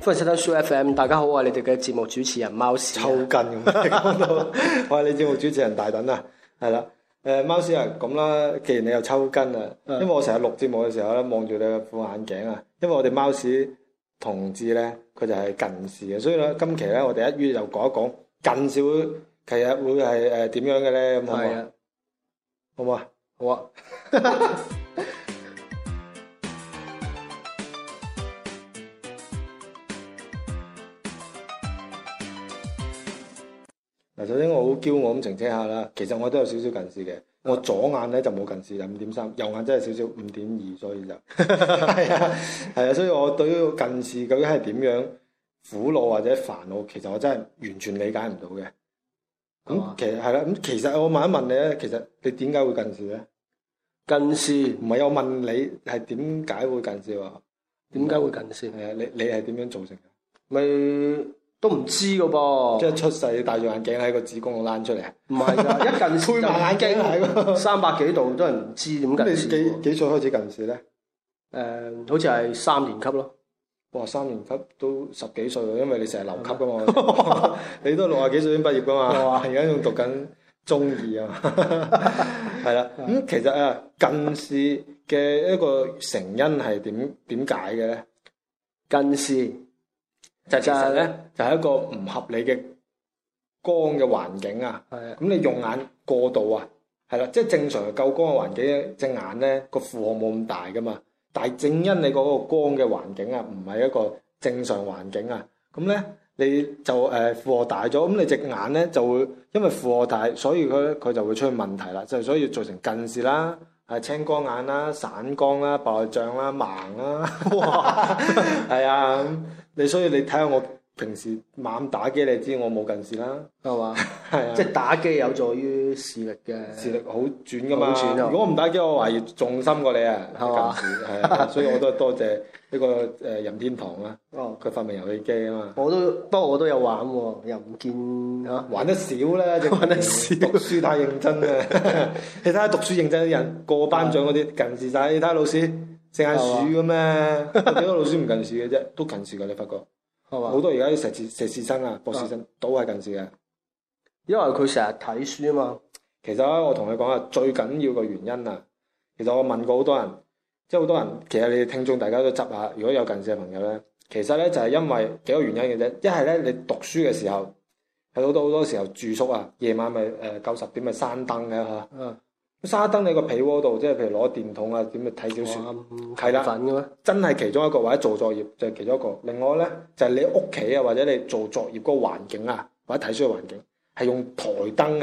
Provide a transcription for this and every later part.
歡迎收睇 Soo FM，大家好，我係你哋嘅節目主持人貓屎抽筋，咁我係你節目主持人大等啊！係啦，誒，貓屎啊，咁啦，既然你又抽筋的啊，因為我成日錄節目嘅時候咧，望住你副眼鏡啊，因為我哋貓屎同志咧，佢就係近視嘅，所以咧，今期咧，我哋一於就講一講近視其實會係誒點樣嘅咧，咁好嘛？的好唔好啊？我嗱，好啊、 首先我好驕傲咁澄清下啦。其實我都有少少近視嘅，我左眼咧就冇近視，係五點三；右眼真係少少五點二，2, 所以就係啊，係 啊。所以我對於近視究竟係點樣苦惱或者煩惱，其實我真係完全理解唔到嘅。咁、嗯、其實係啦，咁、嗯、其實我問一問你咧，其實你點解會近視咧？近視唔係我問你係點解會近視啊？點解會近視？係啊，你你係點樣造成嘅？咪都唔知嘅噃。即係出世戴住眼鏡喺個子宮度爬出嚟啊？唔係， 一近配埋眼鏡， 三百幾度都人唔知點解。你幾幾歲開始近視咧？誒、嗯，好似係三年級咯。我三年級都十幾歲，因為你成日留級噶嘛， 你都六廿幾歲先畢業噶嘛，而家仲讀緊中二啊，係啦。咁其實啊，uh, 近視嘅一個成因係點點解嘅咧？近視就係、其實就係咧，就係一個唔合理嘅光嘅環境啊。咁的你用眼過度啊，係啦，即係正常夠光嘅環境，隻眼咧個負荷冇咁大噶嘛。但係正因你個光嘅環境啊，唔係一個正常環境啊，咁咧你就誒負荷大咗，咁你隻眼咧就會因為負荷大，所以佢佢就會出現問題啦，就所以造成近視啦、啊、呃、青光眼啦、散光啦、白內障啦、盲啦，哇，係 啊，咁你所以你睇下我。平時猛打機，你知我冇近視啦，係嘛？係，即係打機有助於視力嘅，視力好轉噶嘛？如果唔打機，我懷疑重心過你啊，係嘛？係，所以我都係多謝呢個誒任天堂啊。哦，佢發明遊戲機啊嘛。我都，不過我都有玩喎，又唔見吓，玩得少啦，就玩得少。讀書太認真啊！你睇下讀書認真啲人，個個班長嗰啲近視晒。你睇下老師，四眼鼠咁咩？有幾個老師唔近視嘅啫？都近視噶，你發覺？好多而家啲碩士、碩士生啊、博士生的都係近視嘅，因為佢成日睇書啊嘛。其實咧，我同你講啊，最緊要嘅原因啊，其實我問過好多人，即係好多人，其實你哋聽眾大家都執下，如果有近視嘅朋友咧，其實咧就係因為幾個原因嘅啫。一係咧，你讀書嘅時候，有好多好多時候住宿啊，夜晚咪誒九十點咪閂燈嘅吓。沙燈你個被窩度，即係譬如攞電筒啊，點咪睇小說？係啦，真係其中一個，或者做作業就係、是、其中一個。另外咧，就係、是、你屋企啊，或者你做作業嗰個環境啊，或者睇書嘅環境，係用台燈嘅。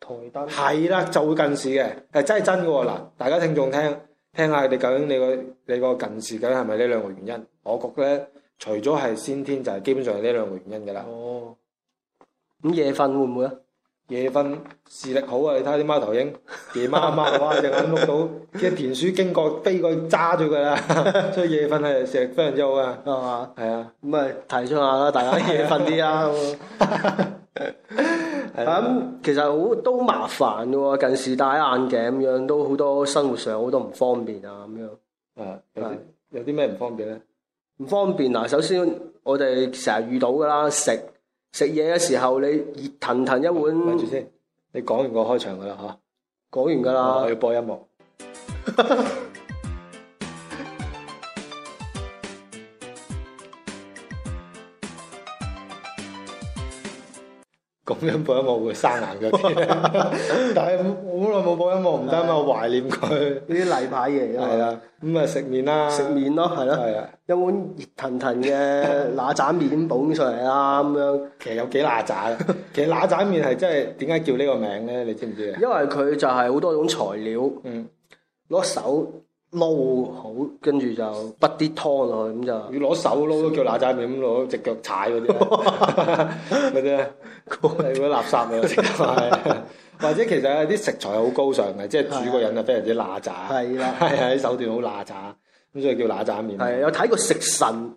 台燈係啦，就會近視嘅，係真係真噶喎！嗱、嗯，大家聽眾聽聽下，你究竟你個你個近視究竟係咪呢兩個原因？我覺得除咗係先天，就係基本上係呢兩個原因噶啦。哦，咁夜瞓會唔會啊？夜瞓視力好啊！你睇下啲貓頭鷹夜貓貓、啊，哇，隻眼碌到，啲田鼠經過飛過揸住佢啦。 所以夜瞓係視力非常之好啊，係嘛？係啊，咁咪、嗯、提倡下啦，大家夜瞓啲 啊。咁、嗯、其實好都麻煩噶喎，近視戴眼鏡咁樣都好多生活上好多唔方便啊咁樣。誒、嗯，有啲咩唔方便咧？唔方便嗱、啊，首先我哋成日遇到噶啦食。食嘢嘅時候你騰騰等等，你熱騰騰一碗，住先，你講完個開場㗎喇吓，講、啊、完㗎喇。我要播音樂。 咁樣播音樂會生硬啲，但係好耐冇播音樂唔得啊嘛，懷念佢呢啲例牌嘢。係啦，咁啊食麵啦，食麵咯，係咯，一碗熱騰騰嘅嗱喳麵捧上嚟啦，咁樣。其實有幾嗱喳，其實嗱喳麵係真係點解叫呢個名咧？你知唔知啊？因為佢就係好多種材料，攞手。撈好，跟住就潷啲湯落去，咁就要攞手撈，都叫乸渣麵咁攞，隻腳踩嗰啲，嗰啲係嗰啲垃圾食嘅。或者其實有啲食材好高尚嘅，即係煮個人啊非常之乸渣，係 啊，係啊的，啲的手段好乸渣，咁所以叫乸渣麵。係有睇過食神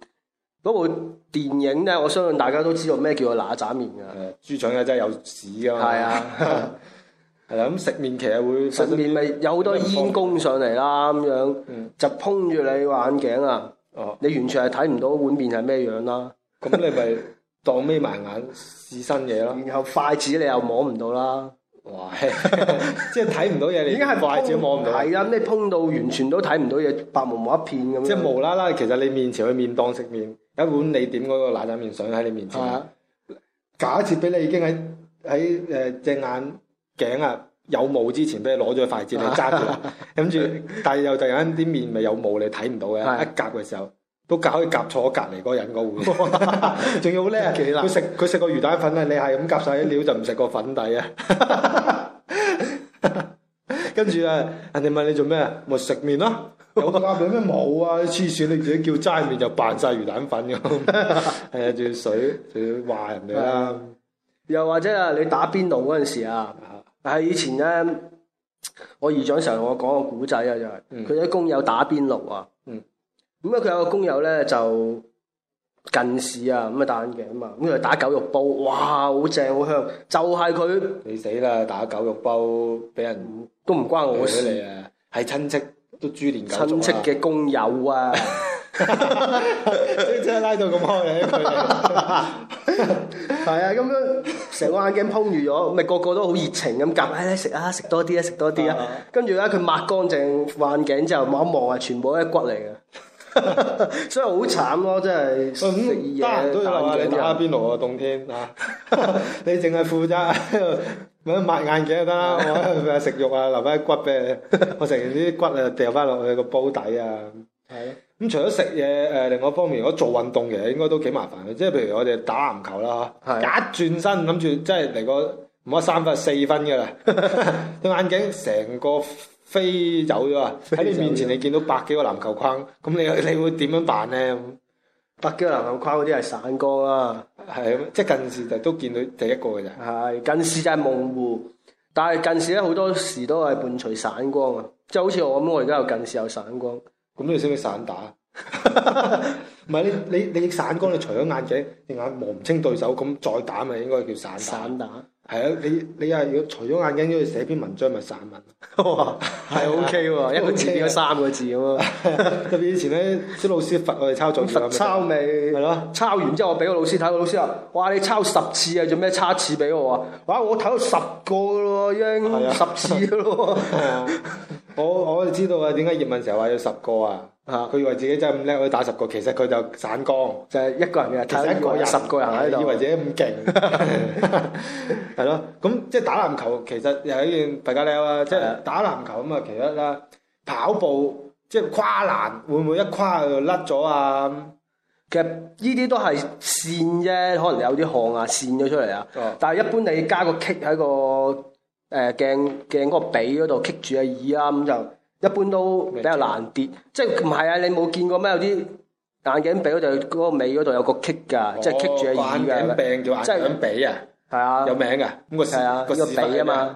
嗰部電影咧，我相信大家都知道咩叫做乸渣麵㗎，豬腸咧真係有屎㗎。 係啦，咁食麵其實會食麵咪有好多煙供上嚟啦，咁樣就碰住你個眼鏡啊，你完全係睇唔到碗麵係咩樣啦。咁你咪當眯埋眼試新嘢咯。然後筷子你又摸唔到啦，哇！即係睇唔到嘢，你已經係筷子摸唔到。係啊，你碰到完全都睇唔到嘢，白茫茫一片咁。即係無啦啦，其實你面前嘅麵當食麵，一碗你點嗰個奶茶麵相喺你面前。假設俾你已經喺喺誒隻眼，頸啊有毛之前，俾你攞咗筷子嚟揸住，跟住但係又突然間啲面咪有毛，你睇唔到嘅，是的 一夾嘅時候都夾可以夾錯隔籬嗰人個碗，仲要好叻，佢食佢食個魚蛋粉，粉哈哈啊！你係咁夾晒啲料就唔食個粉底啊！跟住咧，人哋問你做咩，咪食麵咯，有夾餅咩冇啊？黐綫！你自己叫齋麵就扮晒魚蛋粉咁，誒、啊，仲要水，仲要話人哋啦、啊。又或者啊，你打邊爐嗰陣時啊。係以前咧，我姨丈成日同我講個古仔啊，就係佢啲工友打邊爐啊。咁、嗯、啊，佢有個工友咧就近視啊，咁啊戴眼鏡啊嘛，咁佢打狗肉煲，哇，好正好香，就係、是、佢。你死啦！打狗肉煲，俾人都唔關我事你啊，係親戚都豬連狗做親戚嘅工友啊。 即 係拉到咁開嘅，佢係啊，咁樣成個眼鏡烹住咗，咪個個都好熱情咁夾，哎，食啊，食多啲 啊，食多啲啊！跟住咧，佢抹乾淨眼鏡之後望一望，係全部都係骨嚟嘅， 所以好慘咯，真係食嘢都有人話你打邊爐啊，冬天吓，啊、 你淨係負責抹眼鏡得啦，我食 肉啊，留翻啲骨俾你骨，食成啲骨啊掉翻落去個煲底啊。係咁是、嗯、除咗食嘢，誒、呃，另外一方面，如果做運動嘅，應該都幾麻煩嘅。即係譬如我哋打籃球啦，吓是的，一轉身諗住，即係嚟個唔得三分四分噶啦，對 眼鏡成個飛走咗啊！喺走你面前，你見到百幾個籃球框，咁你你會點樣辦咧？百幾個籃球框嗰啲係散光啊，係即係近視就都見到第一個嘅咋。係近視就係模糊，但係近視咧好多時都係伴隨散光啊，即、就、係、是、好似我咁，我而家有近視有散光。咁你識唔識散打，唔 係你你你散光，你除咗眼鏡，隻眼望唔清對手，咁再打咪應該叫散打？散打係啊，你你啊，如果除咗眼鏡，要寫篇文章咪散文， 哇，係 OK 喎， okay 的一個字變咗三個字咁啊，特 別以前咧啲老師罰我哋抄作業，罰抄未？係咯、啊，抄完之後我俾個老師睇，老師話：哇，你抄十次啊，做咩差次俾我啊？哇，我睇咗十個咯，已經十次咯。 我我係知道啊，點解葉問成日話要十個啊？嚇、啊！佢以為自己真係咁叻，可以打十個，其實佢就散光。就係一個人嘅，其實一個人。十個人喺度，以為自己咁勁。係咯， 咁即係打籃球，其實又係一件弊加叻啊！的即係打籃球咁啊，其實啦，跑步即係跨欄，會唔會一跨就甩咗啊？其實呢啲都係線啫，可能有啲汗啊，線咗出嚟啊。嗯、但係一般你加個 kick 喺個。誒鏡鏡嗰個髀嗰度棘住個耳啊，咁就一般都比較難跌。即係唔係啊？你冇見過咩？有啲眼鏡髀嗰度嗰個尾嗰度有個棘㗎，即係棘住個耳㗎。眼鏡髀叫眼鼻啊，係啊，有名㗎。咁個細啊，個屎忽啊嘛。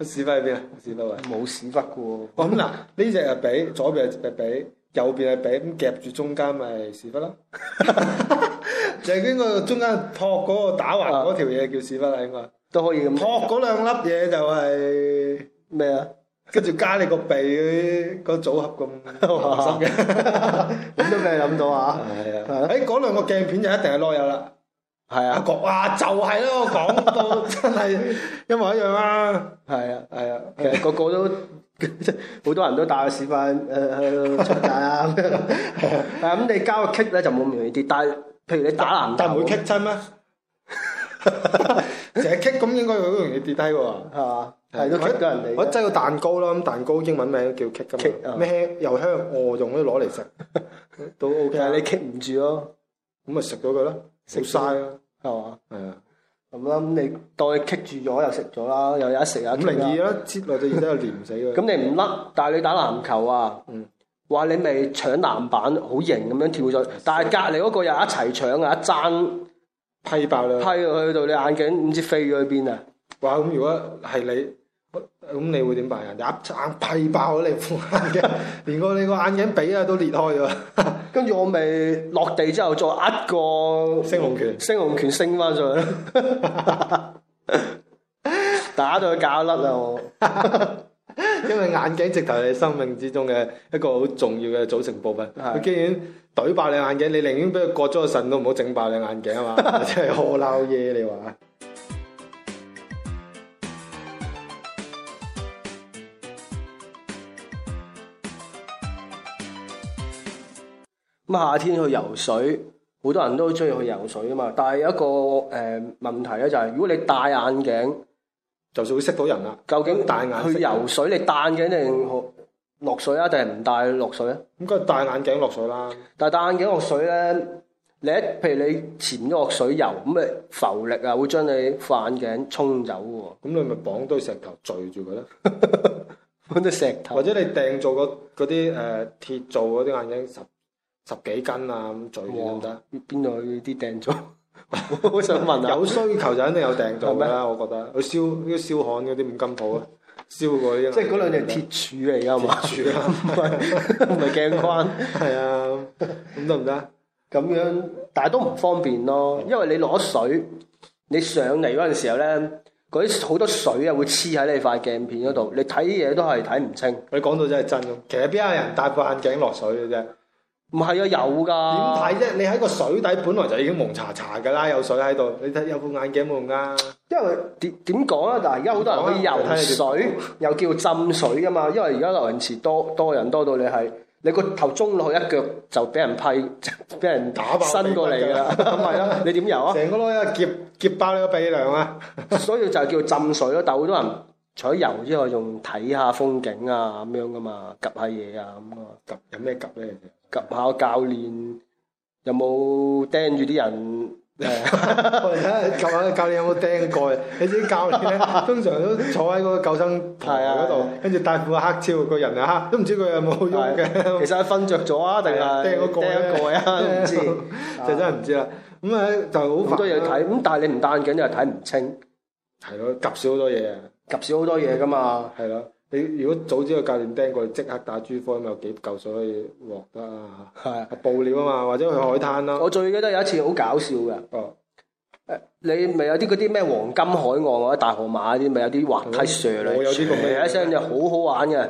屎忽喺邊啊？屎忽位。冇屎忽嘅喎。咁嗱，呢隻係髀，左邊係髀，右邊係髀，咁夾住中間咪屎忽咯。就係呢個中間托嗰個打橫嗰條嘢叫屎忽啦，應該。哦，嗰兩粒嘢就係咩啊？跟住加你個鼻嗰啲個組合咁，咁都俾你諗到啊！係啊，誒嗰兩個鏡片就一定係內有啦。係啊，郭亞就係咯，講到真係一模一樣啦。係啊，係啊，其實個個都好多人都打屎塊誒去出街啊。係啊，咁你交個拮咧就冇咁容易跌，但係譬如你打籃球，但唔會拮親咩？成日棘 i 咁，應該佢好容易跌低喎，係嘛？係都棘到人哋。我擠個蛋糕啦，咁蛋糕英文名叫棘 i 棘？咩？油香、餓用可以攞嚟食，都 OK。但你棘唔住咯，咁咪食咗佢咯，食晒咯，係嘛？係啊，咁啦，咁你當你棘住咗又食咗啦，又有一食啊！502啦，接落隻嘢都係黏死佢。咁你唔甩，但係你打籃球啊，嗯，話你咪搶籃板，好型咁樣跳上，但係隔離嗰個又一齊搶啊，一爭。批爆啦！批落了去到你眼鏡唔知飛咗去邊啊！哇！咁如果係你，咁你會點辦啊？一撐批爆咗你副眼鏡，連個你個眼鏡髀啊都裂開咗，跟住我咪落地之後再呃個升龍拳，升龍拳升翻上，去 打到佢搞甩啦我。 因為 眼鏡直頭係你生命之中嘅一個好重要嘅組成部分，佢竟的然懟爆你眼鏡，你寧願俾佢割咗個腎都唔好整爆你眼鏡啊嘛！的 真係好撈嘢，你話咁夏天去游水，好多人都中意去游水啊嘛，但係有一個誒、呃、問題咧、就是，就係如果你戴眼鏡。就算會識到人啦，究竟戴眼鏡去游水，你戴眼鏡定落水啊？定係唔戴落水啊？咁梗係戴眼鏡落水啦。但戴眼鏡落水咧，你譬如你潛咗落水遊，咁咪浮力啊，會將你副眼鏡沖走喎。咁你咪綁堆石頭墜住佢咧。嗰啲石頭，或者你訂做嗰啲誒鐵做嗰啲眼鏡十，十十幾斤啊咁墜住得唔得？邊度、哦、有啲訂做？我 想問啊，有需求就肯定有訂到噶啦，我覺得燒。佢燒啲燒焊嗰啲五金鋪 啊，燒過啲，即係嗰兩隻鐵柱嚟噶，係嘛？柱啦，唔係唔係鏡框，係啊，咁得唔得？咁樣，但係都唔方便咯，因為你落水，你上嚟嗰陣時候咧，嗰啲好多水啊會黐喺你塊鏡片嗰度，你睇嘢都係睇唔清。 你講到真係真的，其實邊有人戴副眼鏡落水嘅啫。唔係啊，有噶點睇啫？你喺個水底本來就已經蒙查查噶啦，有水喺度，你睇有副眼鏡冇用噶。因為點點講啊？但係而家好多人可以游水，你你又叫浸水噶嘛。因為而家游泳池多多人多到你係你個頭中落去，一腳就俾人批，俾人打翻新過嚟噶啦。咁咪咯，你點、 啊、 游啊？成個碌一劫，劫爆你個鼻梁啊！ 所以就叫浸水咯。但係好多人。除咗游之外，仲睇下風景啊，咁樣噶嘛，及下嘢啊咁啊，及有咩及咧？及下個教練有冇釘住啲人？我而家及下教練有冇釘過？ 你知教練咧，通常都坐喺嗰個救生台嗰度，跟住、啊、戴副黑超，個人啊嚇，都唔知佢有冇用嘅。其實瞓着咗啊，定係釘個蓋啊？唔知就真係唔知啦。咁啊，就好多嘢睇。咁但係你唔戴眼鏡，就睇唔清。係咯，及少好多嘢。及少好多嘢噶嘛，係啦！你如果早知道個教練釘過，即刻打珠科咪有幾嚿水可以獲得啊！係爆料啊嘛，或者去海灘啦、嗯。我最記得有一次好搞笑噶，誒、哦呃、你咪有啲嗰啲咩黃金海岸或者、嗯、大河馬啲咪有啲滑梯蛇嚟，舒服嘅一聲就好好玩嘅。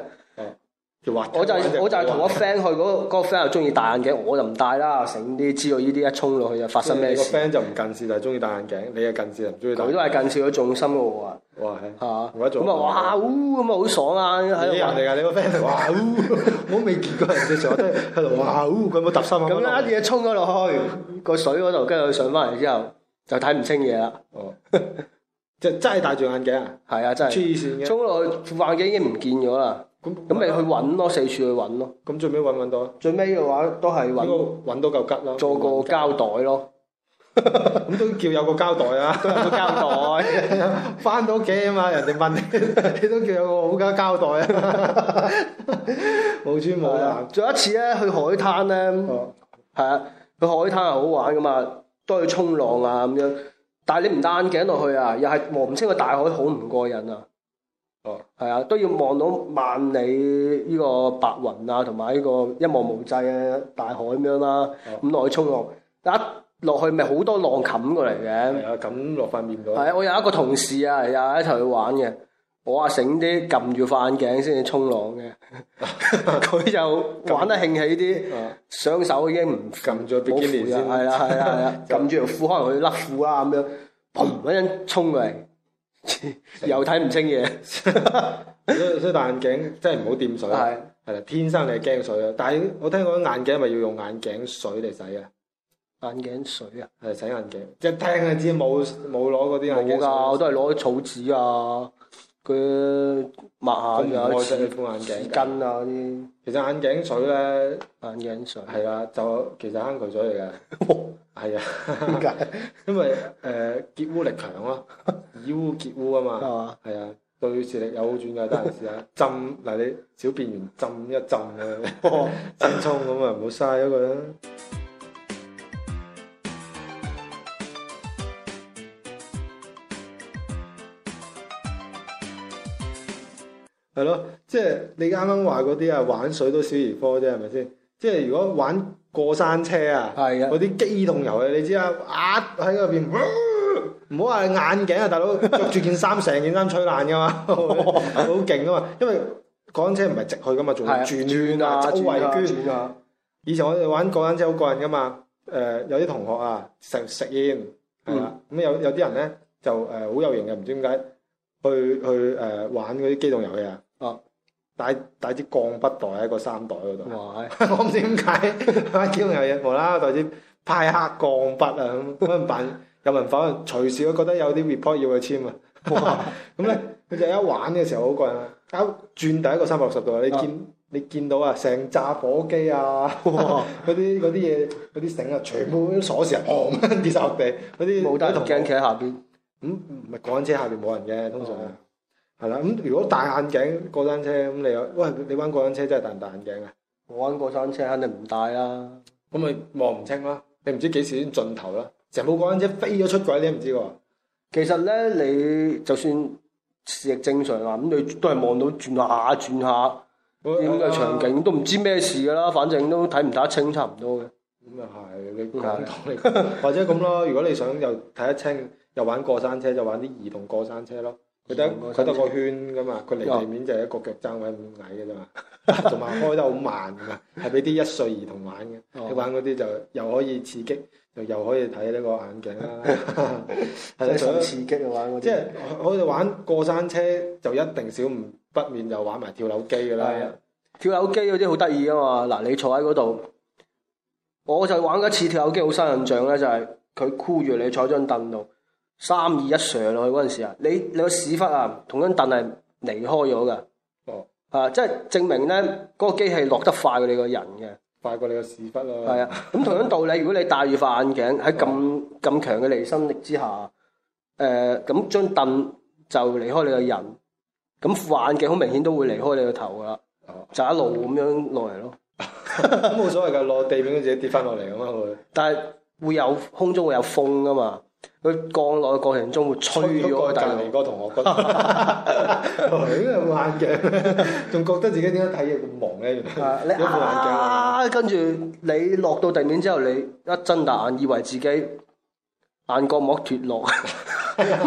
我就我就係同我 friend 去嗰個嗰個 friend 又中意戴眼鏡，我就唔戴啦。成啲知道呢啲一衝落去就發生咩事？個 friend 就唔近視，就係中意戴眼鏡。你係近視，又唔中意戴。佢都係近視，咗重心我啊。哇！嚇，我一做咁啊！哇！喎咁啊！好爽啊！喺度哇！你個 friend 哇！我未見過人嘅左喺度哇！喎佢冇揼心。咁啊！一嘢衝咗落去個水嗰度，跟住佢上翻嚟之後就睇唔清嘢啦。哦，就真係戴住眼鏡啊！係啊，真係黐線嘅。衝落去副眼鏡已經唔見咗啦。咁咁咪去揾咯，四處去揾咯。咁、嗯、最尾揾唔揾到？最尾嘅話都係揾到嚿吉咯，做個交代咯。咁 都叫有個交代啊， 都有個交代，翻到屋企啊嘛，人哋問你，你都叫有個好嘅交代啊。冇錯冇啊。仲有一次咧，去海灘咧，係、嗯、啊，去海灘係好玩噶嘛，都去沖浪啊咁樣。但係你唔戴眼鏡落去啊，又係望唔清個大海，大海，大海，好唔過癮啊！哦，係啊，都要望到萬里呢個白雲啊，同埋呢個一望無際嘅大海咁樣啦。咁落、哦、去沖浪，一落、哦、去咪好多浪冚過嚟嘅。係冚落塊面度。係啊，我有一個同事啊，啊，一齊去玩嘅，我啊，醒啲撳住塊眼鏡先至沖浪嘅。佢 就玩得興起啲，雙、啊、手已經唔撳咗比堅尼先。係啦係啦係啦，撳住條褲，可能佢甩褲啦咁樣，嘣、啊啊啊啊、一聲沖過嚟。 又睇唔清嘢，所以所以戴眼鏡真係唔好掂水，係啦，天生你係驚水咯。但係我聽講眼鏡咪要用眼鏡水嚟洗啊，眼鏡水啊，係洗眼鏡。一 聽就知冇冇攞嗰啲眼鏡噶，我都係攞啲草紙啊。佢抹下又副眼鏡像巾啊啲，其實眼鏡水咧，眼鏡水係啦、啊，就其實坑渠水嚟嘅。哇、哦，係啊，點解？因為誒潔、呃、污力強咯、啊，以污潔污啊嘛，係吧啊，對視力有好轉嘅，但係試下浸嗱、哦、你小便完浸一浸，浸，一浸，浸啊，浸沖咁啊，唔好嘥咗佢啦。係咯，即係你啱啱話嗰啲啊，玩水都小兒科啫，係咪先？即係如果玩過山車啊，嗰啲的機動遊戲，你知啦，壓喺嗰邊，唔好話眼鏡啊，大佬着住件衫，成 件衫吹爛噶嘛，好勁噶嘛，因為過山車唔係直去噶嘛，仲要轉轉啊，啊周圍捐、啊、以前我哋玩過山車好過癮噶嘛，誒有啲同學啊食食煙，係啦，咁、嗯、有有啲人咧就誒好有型嘅，唔知點解去去誒玩嗰啲機動遊戲啊？哦，帶帶支鋼筆袋喺個衫袋嗰度，我唔哇 知點解，點解有嘢無啦啦袋支派克鋼筆啊咁，咁樣扮有文化，隨時我覺得有啲 report 要佢簽啊，咁咧佢就一玩嘅時候好過癮啊，搞轉第一個三百六十度啊，你見、啊、你見到啊，成紮火機啊，嗰啲嗰啲嘢，嗰啲繩啊，全部都鎖匙啊，破啊跌晒落地，嗰啲冇帶驚企喺下邊，咁唔係，趕車下邊冇人嘅、啊，通常。係啦，咁如果戴眼鏡過山車咁，你有喂，你玩過山車真係戴唔戴眼鏡啊？我玩過山車肯定唔戴啦，咁咪望唔清啦，你唔知幾時先盡頭啦，成部過山車飛咗出軌你唔知喎。其實咧，你就，你就算視力正常啊，咁你都係望到轉下轉下啲咁嘅場景，都唔知咩事噶啦，反正都睇唔得清差，差唔多嘅。咁又係你高眼度或者咁咯。如果你想又睇得清，又玩過山車，就玩啲兒童過山車咯。佢得佢得個圈噶嘛，佢離地面就係一個腳踭位咁矮嘅啫嘛，同埋開得好慢噶嘛，係俾啲一歲兒童玩嘅， 你玩嗰啲就又可以刺激，又又可以睇呢個眼鏡啦，係想刺激嘅玩嗰啲。即係我哋玩過山車，就一定少唔不，不免就玩埋跳樓機噶啦。啊、跳樓機嗰啲好得意啊嘛，嗱，你坐喺嗰度，我就玩一次跳樓機好深印象咧，就係佢箍住你坐張凳度。三二一上落去嗰陣時啊，你你個屎忽啊，同張凳係離開咗噶哦，啊，即係證明咧，嗰、那個機器落得快過你個人嘅，快過你個屎忽咯。係啊，咁同樣道理，如果你戴住副眼鏡喺咁咁強嘅離心力之下，誒、呃，咁張凳就離開你個人，咁副眼鏡好明顯都會離開你個頭噶啦，哦、就一路咁樣落嚟咯，冇、嗯、 所謂噶，落地面都自己跌翻落嚟噶嘛佢。但係會有空中會有風噶嘛。佢降落嘅過程中會吹咗個隔籬個同學，覺得因為冇眼鏡，仲覺得自己點解睇嘢咁矇咧？啊，你啊， 跟住你落到地面之後，你一睜大眼，以為自己眼角膜脱落，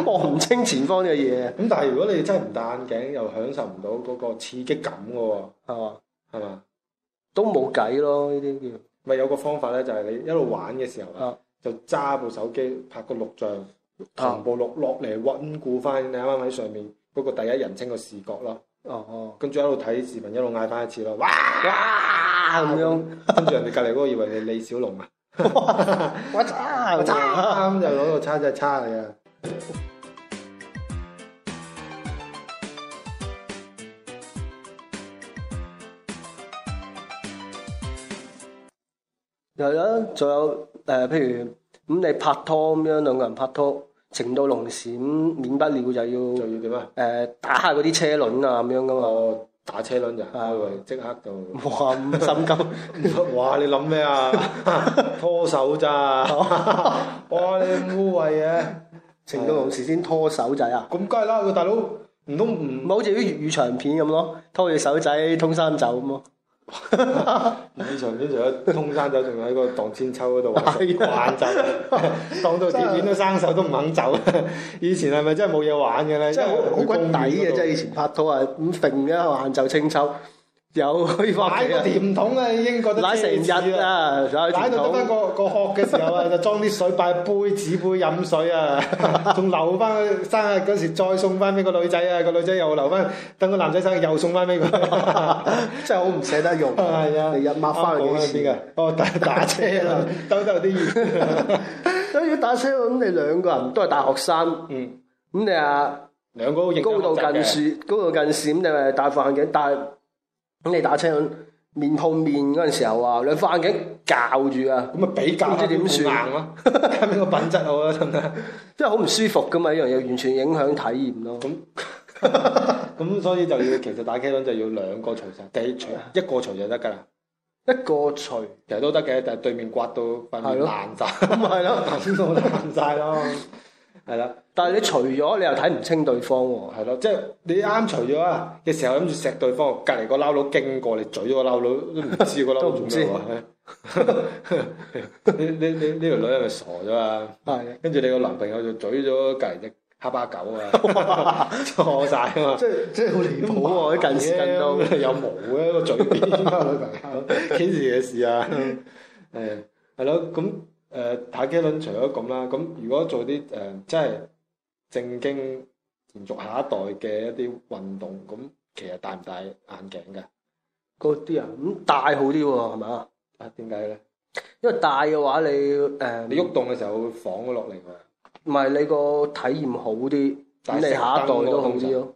望唔清前方嘅嘢。咁但係如果你真係唔戴眼鏡，又享受唔到嗰個刺激感嘅喎、哦啊吧，係嘛？係嘛？都冇計咯，呢啲叫咪有個方法咧，就係你一路玩嘅時候、嗯、啊。揸部手機拍個錄像，同步錄落嚟溫故翻。你啱啱喺上面嗰個第一人稱嘅視覺咯。哦哦，跟住一路睇視頻，一路嗌翻一次咯。哇哇咁樣，跟住人哋隔離嗰個以為你李小龍啊。我差，我叉，啱就攞個叉就叉你啊！又有，仲有誒，譬如咁、嗯、你拍拖咁樣，兩個人拍拖，情到濃時咁、嗯、免不了就要誒、呃、打下嗰啲車輪啊咁樣噶嘛，樣樣打車輪就、啊、即刻就哇咁心急，哇你諗咩啊？拖手咋？哇你污穢啊，情到濃時先拖手仔啊？咁梗係啦，個、大佬唔通唔咪好似啲粵語長片咁咯，拖住手仔通山走咁咯。以前啲仲有通山走，仲喺個蕩千秋嗰度玩，慣就蕩到跌子斷是都生手都唔肯走。以前係咪真係冇嘢玩嘅呢？真係好好鬼抵嘅，真係以，以前拍拖啊咁定嘅，玩就清秋。有開放嘅，買個甜筒啊！英國都成日啊，攋到得翻個個殼嘅時候啊，就裝啲水擺杯紙杯飲水啊，仲留翻佢生日嗰時再送翻俾個女仔啊，個女仔又留翻，等個男仔生日又送翻俾佢，真係好唔捨得用。係啊，日日抹翻去幾次啊！打車啦，兜兜啲熱。如果打車咁，你兩個人都係大學生，嗯，咁你啊，兩個高度近視、高度近視咁，你咪戴副眼鏡戴。咁你打車輪面碰面嗰陣時候啊，兩副眼鏡校住啊，咁咪比較唔知點算爛咯，睇邊個品質好咯，係咪？真係即係好唔舒服噶嘛，一樣嘢完全影響體驗咯。咁咁所以就要，其實打車輪就要兩個除晒，定除一個除就得噶啦。一個除其實都得嘅，但係對面刮到，刮到爛晒，唔係咯，咁都爛晒咯。係啦，但係你除咗你又睇唔清對方喎，係咯，即係你啱除咗呀嘅時候諗住錫對方，隔離個撈佬經過，你嘴咗個撈佬都唔知個撈佬咩？都唔知。你你你呢條女係咪傻咗嘛？係。跟住你個男朋友就嘴咗隔離隻哈巴狗啊，錯晒啊嘛！即係即係好離譜喎！你近視近到有毛嘅個嘴邊啊！幾時嘅事啊？係，係咯，咁。誒、啊、打機輪除咗咁啦，咁如果做啲誒即係正經延續下一代嘅一啲運動，咁其實戴唔戴眼鏡㗎？嗰啲啊，咁、嗯、戴好啲喎，係咪啊？啊，點解咧？因為戴嘅話你，嗯、你誒你喐動嘅時候會晃咗落嚟㗎。唔係你個體驗好啲，咁是你下一代都好啲咯。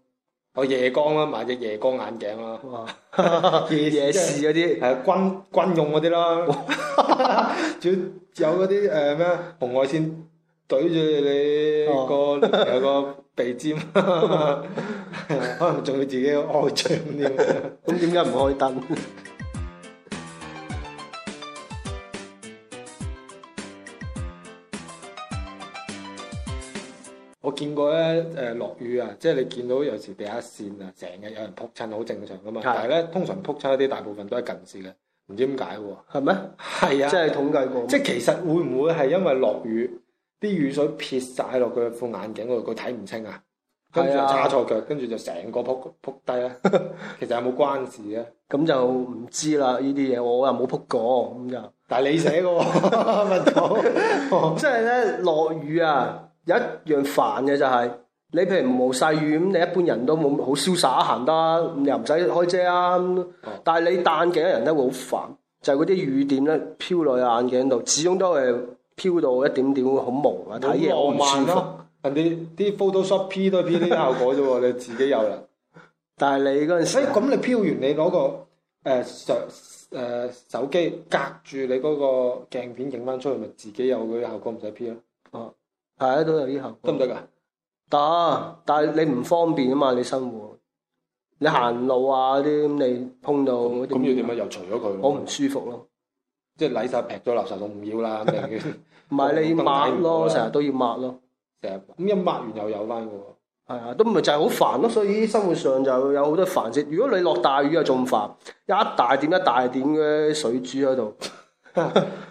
我、啊、夜光啦、啊，買隻夜光眼鏡啦，夜夜視嗰啲，係軍軍用嗰啲啦，主笑全 有嗰啲誒咩紅外線懟住你、那個有個鼻尖， 可能仲要自己開窗添。咁點解唔開燈？ 我見過咧誒落雨啊，即係你見到有時地下線啊，成日有人撲親好正常噶嘛，的但係咧通常撲親啲大部分都係近視嘅。唔知點解喎。係咩？係啊！即係統計過，即係其實會唔會係因為落雨，啲雨水撇晒落佢副眼鏡嗰度，佢睇唔清啊？跟住、啊、就叉錯腳，跟住就成個撲撲低咧。其實有冇關事啊？咁 就唔知啦。呢啲嘢我又冇撲過咁 就。但係你寫過喎。乜錯？即係咧落雨啊，啊有一樣煩嘅就係、是。你譬如唔毛細雨咁，你一般人都冇好瀟灑行得，又唔使開遮啊。但係你戴眼鏡嘅人咧會好煩，就係嗰啲雨點咧飄落去眼鏡度，始終都係飄到一點點好毛啊，睇嘢我唔舒服。啊、人哋啲 photoshop P 都係 P 啲效果啫喎， 你自己有啦。但係你嗰陣時，所以咁你飄完你，你攞個誒手機隔住你嗰個鏡片影翻出去，咪自己有佢啲效果，唔使 P 咯。哦，係啊，都、啊、有啲效果。得唔得噶？得、啊，但係你唔方便啊嘛，你生活，你行路啊啲，咁你碰到咁要點啊？嗯、樣又除咗佢，好唔舒服咯。即係瀨晒，劈咗垃圾都唔要啦。唔係 是我你抹咯，成日都要抹咯。成日咁一抹完又有翻嘅喎。係啊，都唔咪就係好煩咯。所以生活上就有好多煩事。如果你落大雨啊，仲煩，一大點一大點嘅水珠喺度。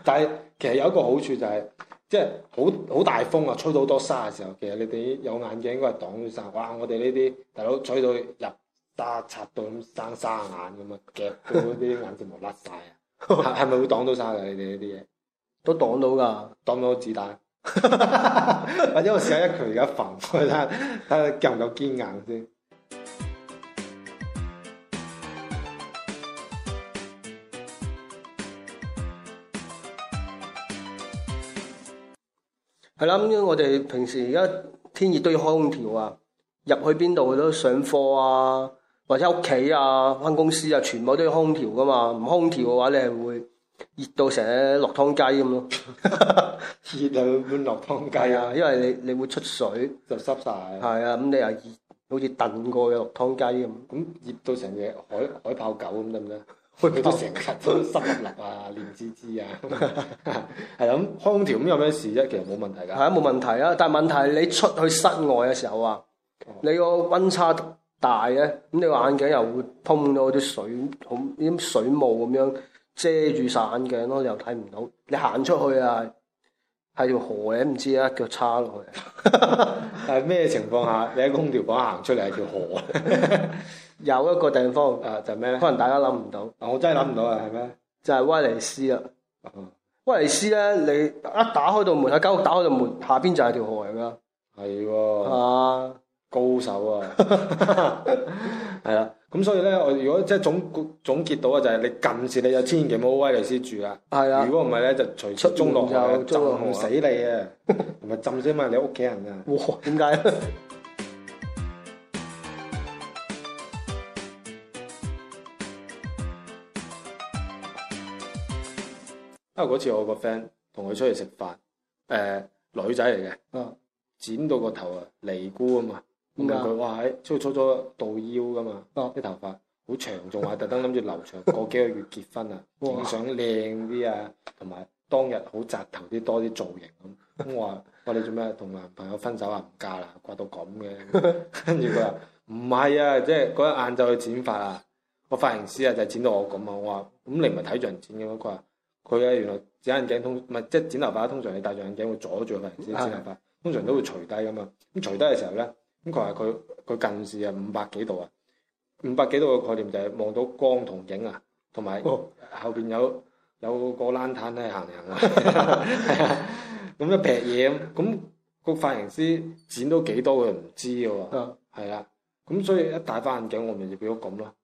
但係其實有一個好處就係、是。即係好好大風啊！吹到好多沙嘅時候，其實你哋有眼鏡應該係擋到沙。哇！我哋呢啲大佬吹到入沙，插到咁生沙眼咁啊，夾到啲眼睫毛甩晒啊！係咪 會擋到沙㗎？你哋呢啲嘢都擋到㗎，擋到子彈。 或者我試下一拳而家防佢啦，睇下夾唔到堅硬先。係啦，咁樣我哋平時而家天熱都要開空調啊。入去邊度都上課啊，或者屋企啊，返公司啊，全部都要空調㗎嘛。唔空調嘅話，你係會熱到成日落湯雞咁咯。 熱啊，會變落湯雞啊。因為你你會出水就濕晒。係啊，咁你又熱，好似燉過嘅落湯雞咁。咁熱到成日海海泡狗咁得唔得？佢 哋都成日都濕淋淋啊，黏滋滋啊，係咁開空調咁有咩事啫？其實冇問題㗎。係啊，冇問題啊，但係問題你出去室外嘅時候啊，你個溫差大咧，咁、這、你個眼鏡又會通到啲水，好啲水霧咁樣遮住晒眼鏡咯，又睇唔到。你行出去啊，係條河嘅唔知啊，腳叉落去。但係 咩情況下？你喺空調房行出嚟係條河？ 有一個地方啊，就咩咧？可能大家諗唔到。嗱，我真係諗唔到啊，係咩？就係威尼斯啦。威尼斯咧，你一打開到門，喺間屋打開到門，下邊就係條河嚟㗎。係喎。啊，高手啊。係啊，咁所以咧，我如果即係總總結到啊，就係你近視你就千祈唔好威尼斯住啦。係啊。如果唔係咧，就出中落嘅浸死你啊！咪浸死嘛，你屋企人啊。哇！點解因嗰次我個 friend 同佢出去食飯，誒、呃、女仔嚟嘅，嗯、剪到個頭啊尼姑啊嘛，咁佢話喺初初到腰噶嘛，啲、嗯、頭髮好長，仲話特登諗住留長過幾個月結婚啊，影相靚啲啊，同埋當日好紮頭啲多啲造型咁、啊，咁我話：喂，你做咩？同男朋友分手啊？唔嫁啦？怪到咁嘅，跟住佢話唔係啊，即係嗰日晏晝去剪髮啊，個髮型師啊就剪到我咁啊，我話咁你唔係睇住人剪嘅咩？佢話。佢啊，原來剪眼鏡通唔係即係剪頭髮通常你戴住眼鏡，鏡會阻住個、， 那個髮型師剪頭髮，通常都會除低噶嘛。咁除低嘅時候咧，咁佢話佢佢近視啊五百幾度啊，五百幾度嘅概念就係望到光同影啊，同埋後邊有有個冷攤喺度行嚟行去，係啊，咁一撇嘢咁，咁個髮型師剪到幾多佢唔知喎，係啊，咁所以一戴翻眼鏡，我咪就變咗咁咯。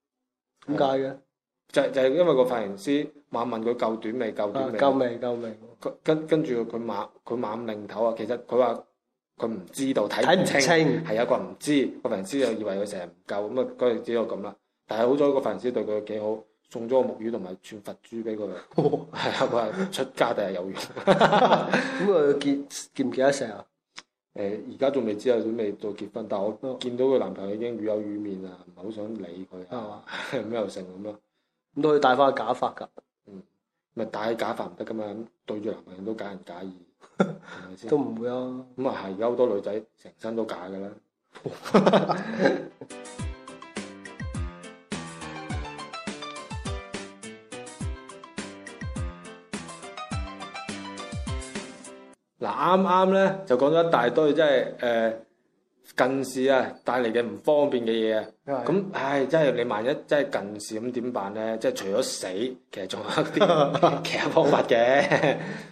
點解嘅？嗯就就係因為個髮型師慢慢問問佢夠短未？夠短未？夠命？夠命？跟跟住佢猛佢猛擰頭啊！其實佢話佢唔知道睇唔清，係一個唔知。發知個髮型師又以為佢成日唔夠，咁啊嗰只有咁啦。但係好彩個髮型師對佢幾好，送咗個木魚同埋串佛珠俾佢。係、哦、啊，佢話出家定係有緣？咁啊，結結唔結得成啊？誒，而家仲未知道咩到結婚。但係我見到佢男朋友已經雨有雨面啦，唔係好想理佢啊，咩又成咁咯。都可以戴翻個假髮噶，嗯，咪戴假髮唔得噶嘛，對住男朋友都假人假義，係咪先？都唔會啊，咁啊係，而家好多女仔成身都假噶啦。嗱，啱啱咧就講咗一大堆，即係誒。呃近視啊，帶嚟嘅唔方便嘅嘢啊，咁唉是、哎，真係你萬一真係近視咁點辦呢？即係除咗死，其實仲有啲 其他方法嘅。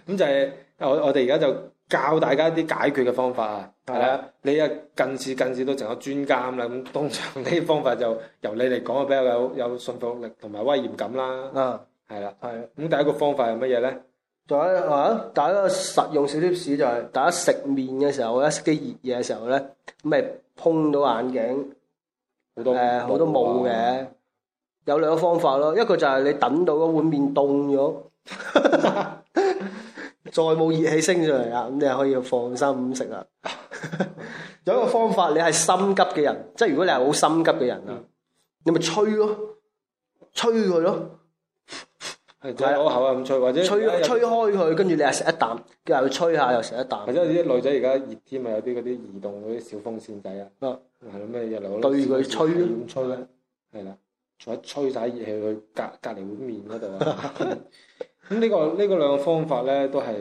咁 就係、是、我我哋而家就教大家啲解決嘅方法啊。係啦吧，你啊近視近視都成咗專家啦，咁通常呢啲方法就由你嚟講啊，比較有有，有信服力同埋威嚴感啦。嗯吧，係啦吧，係。咁第一個方法係乜嘢呢？仲有啊！大家實用小貼士就係大家食麵嘅時候，一啲熱嘢嘅時候咧，咪碰到眼鏡，誒好多，、呃、好多霧嘅。啊、有兩個方法咯，一個就係你等到嗰碗麵凍咗， 再冇熱氣升上嚟啦，咁你就可以放心咁食啦。 有一個方法，你係心急嘅人，即係如果你係好心急嘅人、嗯、啊，你咪吹咯、啊，吹佢咯。喺我口啊咁吹，吹或者吹吹開佢，跟住你又食一啖，跟佢吹下又食一啖。或者啲女仔而家熱天咪有啲嗰啲移動嗰啲小風扇仔啊、嗯，啊，係咯，咩入嚟我對佢吹咯，咁吹咧，係啦、這個，再吹晒熱氣去隔隔離碗麵嗰度啊。咁呢個呢個兩個方法咧，都係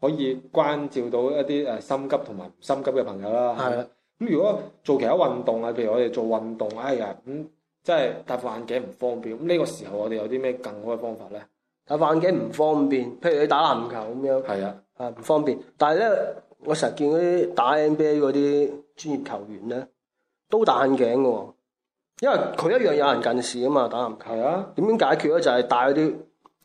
可，可以關照到一啲誒、呃、心急同埋唔心急嘅朋友啦。係啦，咁如果做其他運動啊，譬如我哋做運動，哎呀咁，即係戴副眼鏡唔方便。咁呢個時候我哋有啲咩更好嘅方法咧？啊，眼鏡唔方便，譬如你打籃球咁樣，係啊，啊唔方便。但係咧，我成日見嗰啲打 NBA 嗰啲專業球員咧，都戴眼鏡㗎喎，因為佢一樣有人近視啊嘛，打籃球係啊。點樣解決咧？就係戴嗰啲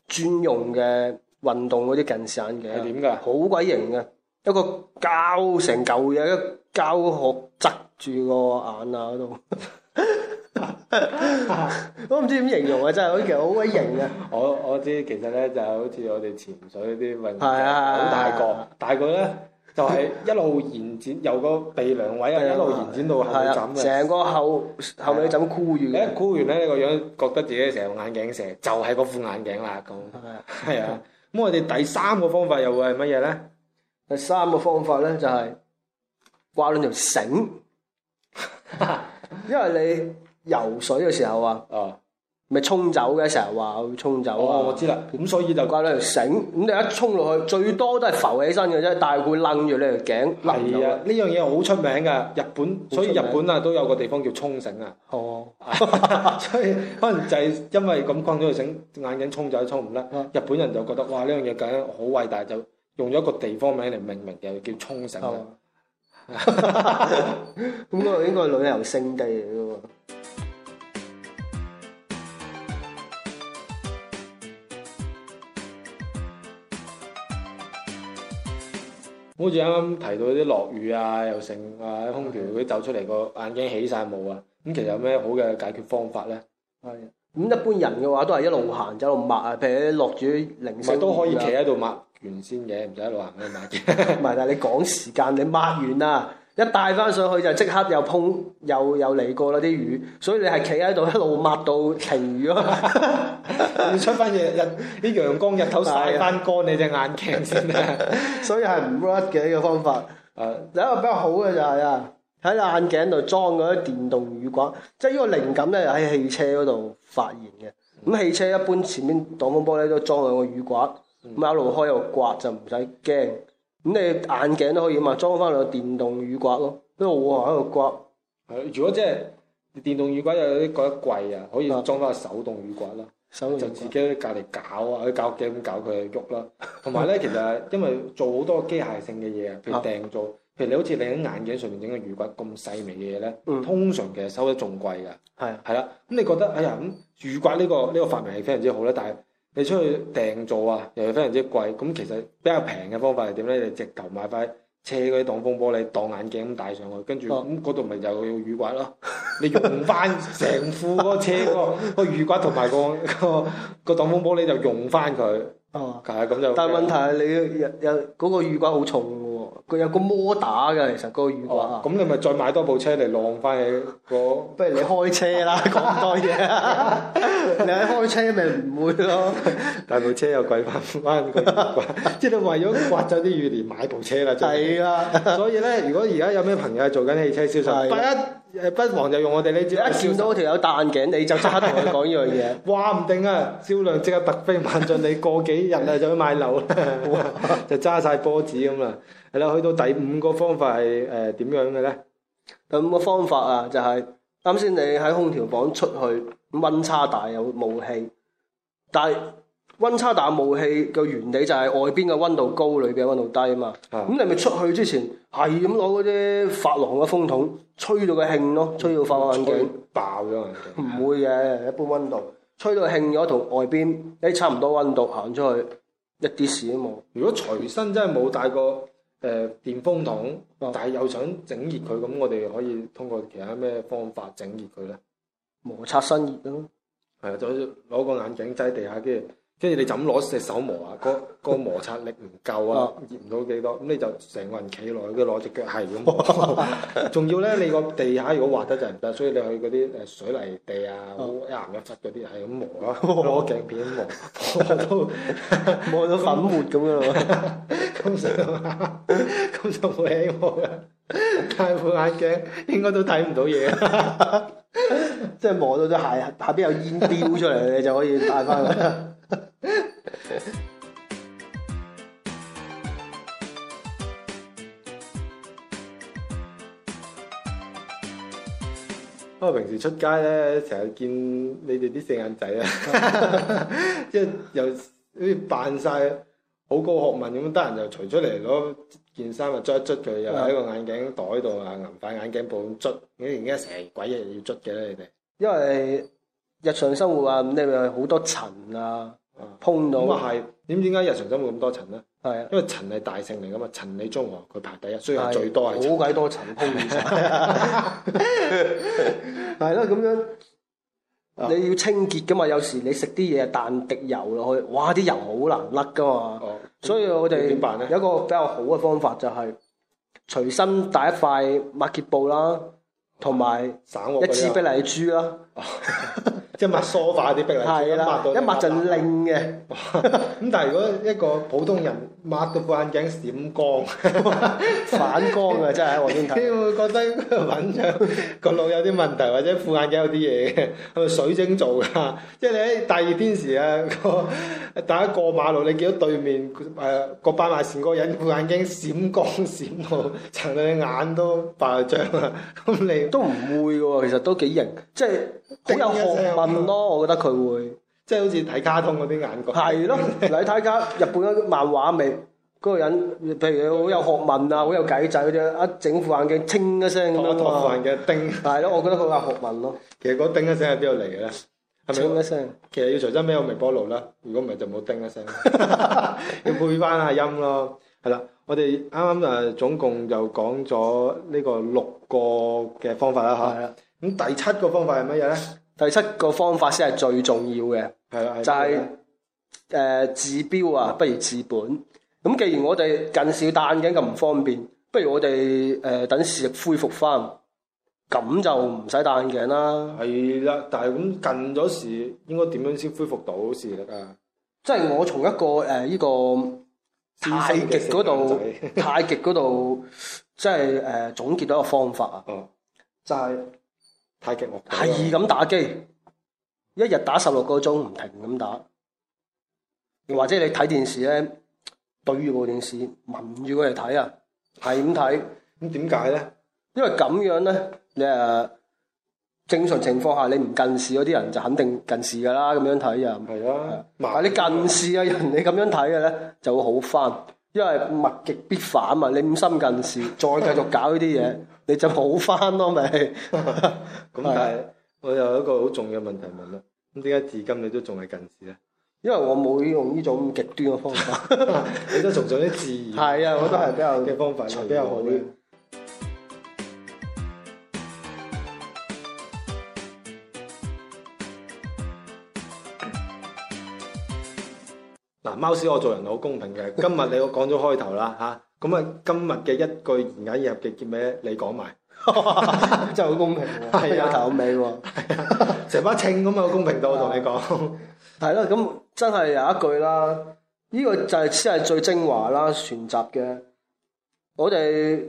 專用嘅運動嗰啲近視眼鏡。點㗎？好鬼型嘅，一個膠成嚿嘢，一個膠殼擳住個眼啊度.。 我唔知點形容啊，真係，其實好鬼型啊！我我知，其實咧就係好似我哋潛水啲泳，好大個，大個咧就係一路延展由個鼻梁位啊一路延展到後枕，成個後後尾枕箍完。誒，箍完咧個樣，覺得自己成個眼鏡蛇，就係嗰副眼鏡啦咁。係啊，咁我哋第三個方法又會係乜嘢咧？第三個方法咧就係掛兩條繩，因為你。游水嘅時候啊，咪沖走嘅，成日話會沖走啊。我知啦，咁所以就掛咗條繩，咁你一沖落去，最多都係浮起身嘅啫，但係會掹住你條頸嚟啊。呢樣嘢好出名噶，日本，所以日本啊都有個地方叫沖繩啊。哦，所以可能就係因為咁掛咗條繩，眼鏡沖走沖唔甩。日本人就覺得哇呢樣嘢梗係好偉大，就用咗一個地方名嚟命名，又叫沖繩。咁嗰個應該係旅遊勝地嚟嘅喎。好似啱啱提到啲落雨啊，又剩啊，空調嗰啲走出嚟，個眼鏡起晒霧啊，咁其實有咩好嘅解決方法咧？係、嗯，咁一般人嘅話都係一路行走，走一路抹啊，譬如落住零食都可以企喺度抹完先嘅，唔使一路行一路抹嘅，唔係，但係你趕時間，你抹完啦。一戴翻上去就即刻又碰又又嚟過啦啲雨，所以你係企喺度一路抹到停雨咯。 要出翻嘢，日啲陽光日頭晒翻乾你隻眼鏡先啊！ 所以係唔 work 嘅呢個方法。誒有、 啊、一個比較好嘅就係、是、啊，喺眼鏡度裝嗰啲電動雨刮，即係呢個靈感咧喺汽車嗰度發現嘅。咁、嗯嗯、汽車一般前面擋風玻璃都裝兩個雨刮，咁一路開又刮就唔使驚。咁你眼鏡都可以啊嘛，裝翻兩個電動雨刮咯，因為我喺度刮。係，如果即係電動雨刮有啲覺得貴啊，可以裝翻個手動雨刮啦，手動刮就自己喺隔離搞啊，喺搞鏡咁搞佢去喐啦。同埋咧， 其實因為做好多機械性嘅嘢，譬如訂做，啊、譬如你好似你喺眼鏡上面整個雨刮咁細微嘅嘢咧，嗯、通常其實收得仲貴㗎。係、嗯。係啦的，咁你覺得哎呀咁雨刮呢、呢個呢、呢個發明係非常之好咧，但係。你出去訂做啊，又係非常之貴。咁其實比較平嘅方法係點呢？你直頭買塊車嗰啲擋風玻璃當眼鏡咁戴上去，跟住咁嗰度咪又要雨刮咯？ 你用翻成副個車個雨刮同埋個個 個擋風玻璃就用翻佢。哦，係啊，咁就但係問題係你有，有，嗰個雨刮好重。佢有個摩打嘅，其實嗰個雨刮。咁、哦、你咪再買多部車嚟晾翻起、嗰個。不如你開車啦，講咁 多嘢。 你喺開車咪唔會咯。 但部車又貴翻翻 個雨刮。即係你為咗刮走啲雨，連買部車啦。係啊。所以咧，如果而家有咩朋友做緊汽車銷售，第一、啊、不妨就用我哋呢招。一見到條友戴眼鏡，你就即刻同佢講呢樣嘢。話唔 定啊，銷量即刻突飛猛進，你過幾日啊就去買樓啦， 就揸晒波子咁啦。係啦，去到第五個方法係誒點樣嘅咧？第五個方法啊，就係啱先你喺空調房出去，温差大有霧氣，但係温差大有霧氣嘅原理就係外邊嘅温度高，裏邊嘅温度低啊嘛。咁、嗯、你咪出去之前係咁攞嗰啲發廊嘅風筒吹到個興咯，吹到發冷眼鏡爆咗。唔會嘅，一般 温度吹到興咗同外邊啲差唔多温度行出去，一啲事都冇。如果隨身真係冇帶個。誒、呃、電風筒，嗯、但係又想整熱佢，咁、嗯、我哋可以通過其他咩方法整熱佢咧？摩擦生熱咯，係啊、嗯，就攞個眼鏡擠地下，跟跟住你就咁攞隻手磨啊，個摩擦力唔夠啊，熱唔、啊、到幾多，咁你就成個人企落去嘅，攞隻腳係咁磨，仲要咧你個地下如果滑得就唔得，所以你去嗰啲誒水泥地啊、岩嘅質嗰啲係咁磨咯，攞鏡片咁磨，都磨到粉末咁、啊、樣，咁食到牙，咁仲搵我嘅，戴副眼鏡應該都睇唔到嘢，即係磨到隻鞋下邊有煙飆出嚟，你就可以戴翻嚟。不過、 啊、平時出街咧，成日見你哋啲四眼仔 啊，即係 又呢扮晒好高學問咁，得閒就除出嚟攞件衫啊捽一捽佢，又喺個眼鏡袋度啊，銀塊眼鏡布咁捽，啲眼鏡成鬼嘢要捽嘅咧，你哋。因為日常生活啊，你咪好多塵啊。啊，碰到咁係，點解、嗯、日常生活咁多塵咧？係啊的，因為陳係大姓嚟噶嘛，陳李中和佢排第一，所以係最多係好鬼多塵，鋪滿晒，係 咯， 咁樣、啊、你要清潔噶嘛？有時你食啲嘢，彈滴油落去，哇，啲油好難甩噶嘛、啊，所以我哋有一個比較好嘅方法就係隨身帶一塊抹潔布啦，同埋、啊、一枝玻璃珠啦。啊 即係抹梳化啲壁啊，一抹就靚嘅。咁 但係如果一個普通人抹個副眼鏡閃光 反光啊，真係我先 覺得品相個腦有啲問題，或者副眼鏡有啲嘢，係咪水晶做㗎？ 做 即係你喺大熱天時啊， 大家過馬路，你見到對面誒、呃那個斑馬線嗰人副眼鏡閃光閃到，震你眼都爆脹啊！咁 你都唔會喎，其實都幾型， 即係好有汗。咁多、嗯，我覺得佢會，即係好似睇卡通嗰啲眼光。係咯了，睇睇家日本嗰漫畫味嗰、嗰個人，譬如好有學問啊，好有計仔嗰啲，一整副眼鏡，清一聲咁啊。托一副眼鏡，叮。係咯，我覺得好有學問咯。其實嗰叮一聲係邊度嚟嘅咧？係咪清一聲？其實要隨身孭個微波爐啦，如果唔係就冇叮一聲。 要配翻下音咯。係啦，我哋啱啱誒總共就講咗呢個六個嘅方法啦嚇。係啦。咁的第七個方法係乜嘢咧？第七個方法先係最重要嘅，就係誒治標啊，不如治本。咁既然我哋近視戴眼鏡咁唔方便，不如我哋誒等視力恢復返，咁就唔使戴眼鏡啦。係啦，但係咁近咗視，應該點樣先恢復到視力啊？即係我從一個誒呢個太極嗰度，太極嗰度即係誒總結咗一個方法啊。就係。太係咁打機，一日打十六個鐘唔停咁打，或者你睇電視咧，對住部電視，聞住佢嚟睇啊，係咁睇。咁點解咧？因為咁樣咧，你啊正常情況下你唔近視嗰啲人就肯定近視噶啦，咁樣睇又係啊。嗱，你近視嘅人你咁樣睇嘅咧，就會好返。因為物極必反嘛，你咁深近視，再繼續搞呢啲嘢，你就好翻咯咪。咁 但係，我有一個好重要問題問啦。咁點解至今你都仲係近視咧？因為我冇用呢種咁極端嘅方法，你都崇尚啲自然係 啊，我覺得係比較嘅方法比較好啲。貓屎，我做人好公平嘅。今日你我講咗開頭啦，嚇咁 啊！今日嘅一句言簡意賅嘅結尾，你講埋， 真係好公平喎，啊、 有頭有尾喎，成把秤咁啊， 啊公平到同、啊、你講。係 咯、啊，咁真係有一句啦，呢、這個就係先係最精華啦，全集嘅。我哋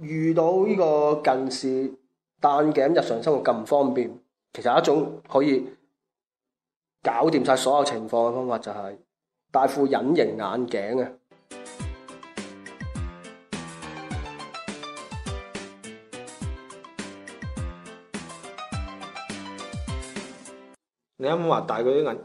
遇到呢個近視戴眼鏡日常生活咁唔方便，其實有一種可以搞掂晒所有情況嘅方法、就是，就係。戴副隱形眼鏡啊！你啱啱話戴嗰啲眼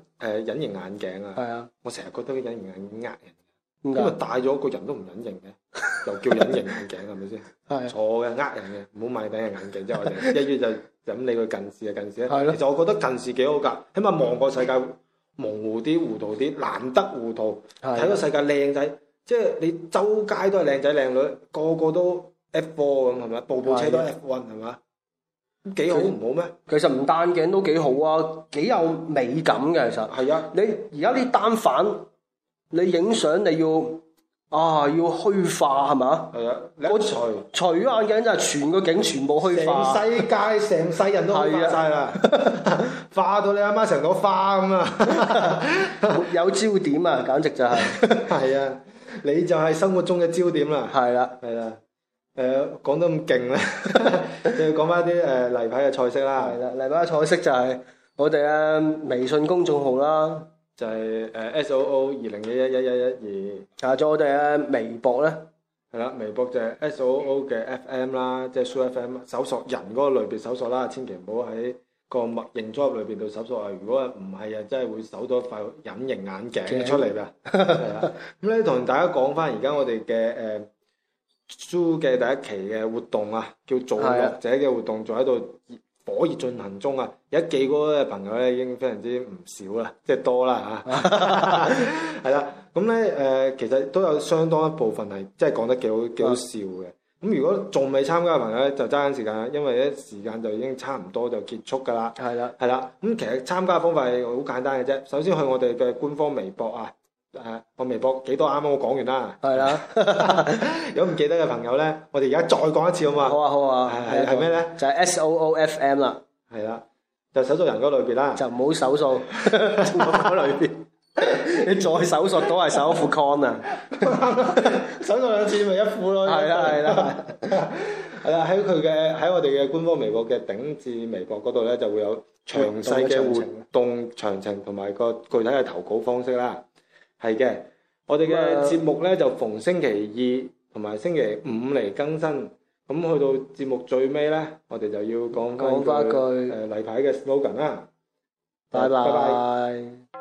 誒隱形眼鏡啊，係啊！我成日覺得隱形眼鏡呃人，咁啊戴咗個人都唔隱形嘅，又 叫隱形眼鏡係咪先？係、 啊、錯嘅，呃人嘅，唔好買隱形眼鏡。即我哋 一於就咁理佢近視啊近視咧。其實我覺得近視幾好噶，起碼望個世界。 模糊啲、糊塗啲，難得糊塗，睇個的世界靚仔，即係你周街都係靚仔靚女，個個都 F four 咁係咪？部部車都 F one 係嘛？幾好唔好咩？其實唔單鏡都幾好啊，幾有美感嘅其實。係啊的，你而家啲單反，你影相你要。啊！要虛化係嘛？係啦，我除除眼鏡就係全個景全部虛化，世界成世人都化晒啦，的 化到你阿媽成朵花咁啊！ 有焦點啊，簡直就係係啊！你就係生活中嘅焦點啦，係啦的，係啦。誒、呃，講得咁勁咧，就 要講翻啲誒例牌嘅菜式啦。係啦，例牌嘅菜式就係我哋嘅微信公眾號啦。就係誒 S O O 二零一一一一一二，加咗我哋嘅微博咧，係啦，微博就係 S O O 嘅 F M 啦，即係 Soo F M，搜索人嗰個類別搜索啦，千祈唔好喺個默認裝入裏邊度搜索啊！如果唔係啊，真係會搜到塊隱形眼鏡出嚟㗎。係啦，咁咧同大家講翻而家我哋嘅誒 Soo 嘅第一期嘅活動啊，叫造物者嘅活動，仲喺度。火熱進行中啊！而家寄個朋友咧已經非常之唔少啦，即係多啦嚇，係啦。 咁咧誒，其實都有相當一部分係即係講得幾好幾好笑嘅。咁的如果仲未參加嘅朋友咧，就揸緊時間啦，因為咧時間就已經差唔多就結束㗎啦。係啦的，係啦。咁其實參加方法係好簡單嘅啫，首先去我哋嘅官方微博啊。啊！我微博幾多啱我講完啦，係啦。如果唔記得嘅朋友咧，我哋而家再講一次好嘛？好啊，好啊。係係咩咧？就係 SooFM 啦。係啦，就手術人嗰裏邊啦。就唔好手術，嗰裏邊你再手術都係手一副 con 啊！手術兩次咪一副咯。係啦，係啦，係啦。喺佢嘅喺我哋嘅官方微博嘅頂置微博嗰度咧，就會有詳細嘅活動詳情同埋個具體嘅投稿方式啦。係嘅，我哋嘅節目咧麼就逢星期二同埋星期五嚟,更新，咁去到節目最尾咧，我哋就要講翻一句誒例牌嘅 slogan 啦。拜拜。拜拜。